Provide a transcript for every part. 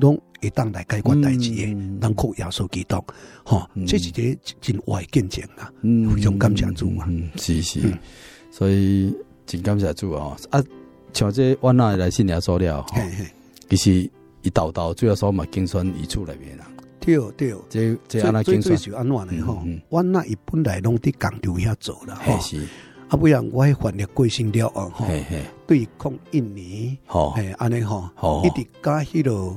攏會當來解決代志誒，人靠耶穌基督，吼、嗯，這是一個真真誒見證啊，非常感謝主啊，是是，嗯、所以真感謝主啊！啊、嗯，像這阮那來信耶穌了，其實伊兜兜，主要說嘛，精選伊厝內面啦。對對，這個、這安尼精選是安怎誒吼，阮那伊本來攏佇工都遐做啦，吓是，是。啊不然我去換啲貴姓料啊，嘿、嗯、嘿、哦，對印尼吼，吓、嗯，安尼吼，一直加迄囉。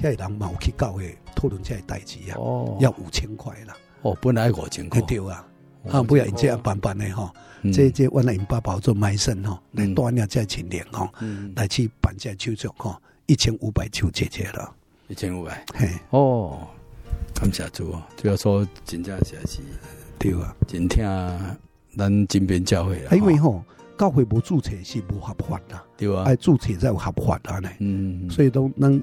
即係人嘛有去教會，討論即個代誌啊！要五千塊啦哦，哦，本來五千塊，對，對啊，啊，不如即般般法呢？嗬、嗯，即即我哋爸爸做賣身嗬，嚟鍛練即係鍛練嗬，來，這、嗯、來去辦即係手續嗬，一千五百九姐姐啦，一千五百，嘿，哦，感謝主啊，主要說真正寫字，對啊，真聽咱金邊教會啊，因為吼、哦、教會冇注冊是冇合法啦，啊，對啊，愛注冊才有合法啊，呢，嗯，所以都咱、嗯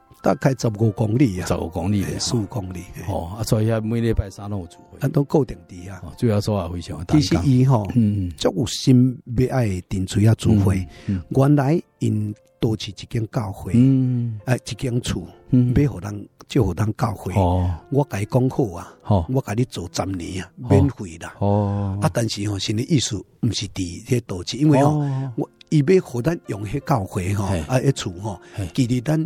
大概十五公里啊，十五公里，四五公里。哦，所以喺每禮拜三都有聚會，咱都固定啲啊。主要說話非常。其實伊吼，足有心要愛定錘下聚會，原來因多起一間教會，嗯，唉一間厝，要互咱就互咱教會，哦。我甲伊講好啊，哦，我甲你做十年啊，免費啦。哦，啊，但是吼，先嘅意思毋是啲啲多起，因為吼我要要互咱用迄教會吼，啊迄厝吼，其實咱。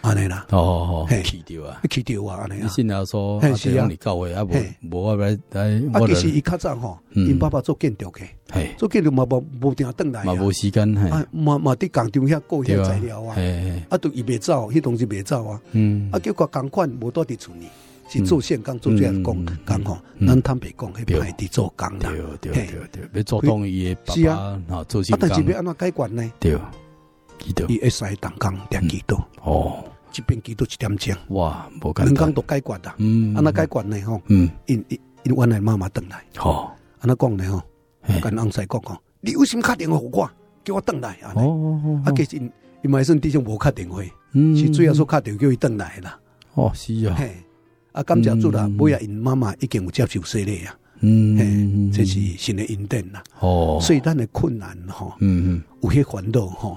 安尼啦，哦，去到啊，去到啊，你先頭說，阿爹讓你教佢，阿無啊，阿嚟、啊，啊，其實伊較扎吼，因、嗯、爸爸做建築嘅，做建築嘛，無，無定下登嚟，無時間係，嘛，佇工場遐過遐材料啊，啊，都伊未走，迄東西未走啊，嗯，啊、結果個款無蹛佇厝呢，是做線、嗯嗯嗯、工，做即項工，鋼咱坦白講迄邊排佇做工啦，對對對，要做工伊嘢，是啊，啊但是要安怎解決呢？伊會使打工，賺幾多？哦，一邊幾多一點鐘，哇，冇咁多。人工都解決啦，咁、嗯、啊解決吼，嗯，因因，因我奶奶媽媽回來，安、哦、啊講咧嗬，呢我跟阿細講講，你有冇敲電話互我，叫我回來。哦，啊其實唔係算點樣無敲電話，嗯，係主要係敲電話叫伊回來啦。哦、啊啊啊啊啊，是啊。啊，感謝主啦，唔係因媽媽已經有接受洗禮啊。嗯，即是先係引導啦。哦，所以咱係困難吼，嗯，有啲煩惱吼。